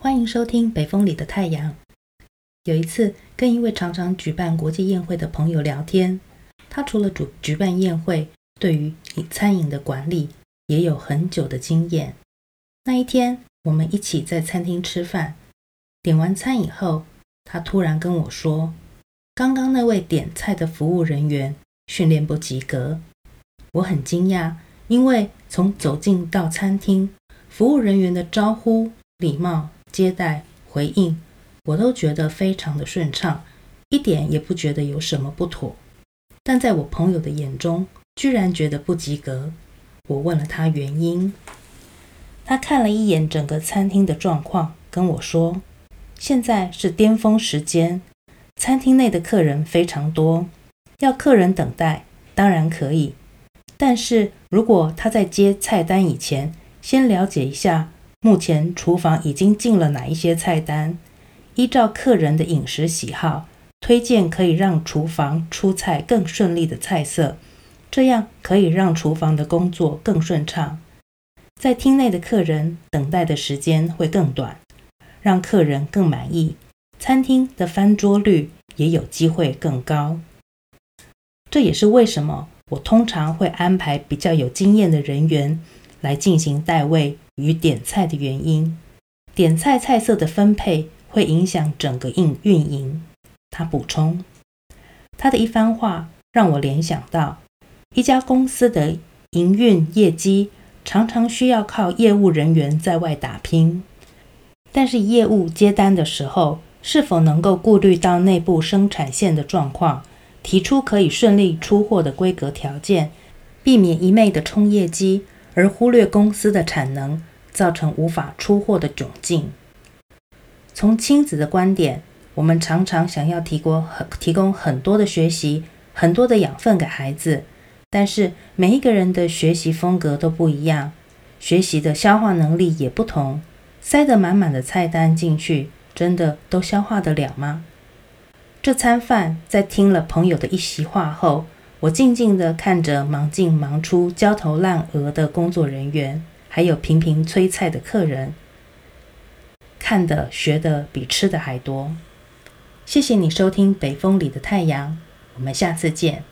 歡迎收聽《北風裡的太陽》。有一次，跟一位常常舉辦國際宴會的朋友聊天，他除了主舉辦宴會，對於餐飲的管理也有很久的經驗。那一天，我們一起在餐廳吃飯，點完餐以後，他突然跟我說：“剛剛那位點菜的服務人員訓練不及格。”我很驚訝，因為從走進到餐廳，服務人員的招呼、禮貌、接待、回應，我都覺得非常的順暢，一點也不覺得有什麼不妥。但在我朋友的眼中，居然覺得不及格。我問了他原因，他看了一眼整個餐廳的狀況，跟我說：“現在是巔峰時間，餐廳內的客人非常多，要客人等待，當然可以，但是如果他在接菜單以前先了解一下。”目前廚房已經進了哪一些菜單，依照客人的飲食喜好，推薦可以讓廚房出菜更順利的菜色，這樣可以讓廚房的工作更順暢，在廳內的客人等待的時間會更短，讓客人更滿意，餐廳的翻桌率也有機會更高。這也是為什麼我通常會安排比較有經驗的人員來進行帶位，與點菜的原因，點菜菜色的分配，會影響整個營運。他補充。他的一番話讓我聯想到，一家公司的營運業績常常需要靠業務人員在外打拼，但是業務接單的時候，是否能夠顧慮到內部生產線的狀況，提出可以順利出貨的規格條件，避免一昧的衝業績。而忽略公司的產能，造成無法出貨的窘境。從親子的觀點，我們常常想要提供很提供很多的學習、很多的養分給孩子，但是每一個人的學習風格都不一樣，學習的消化能力也不同。塞得滿滿的菜單進去，真的都消化得了嗎？這餐飯在聽了朋友的一席話後，我靜靜的看着忙進忙出、焦頭爛額的工作人員，還有頻頻催菜的客人，看的學的比吃的還多。謝謝你收聽《北風裡的太陽》，我們下次見。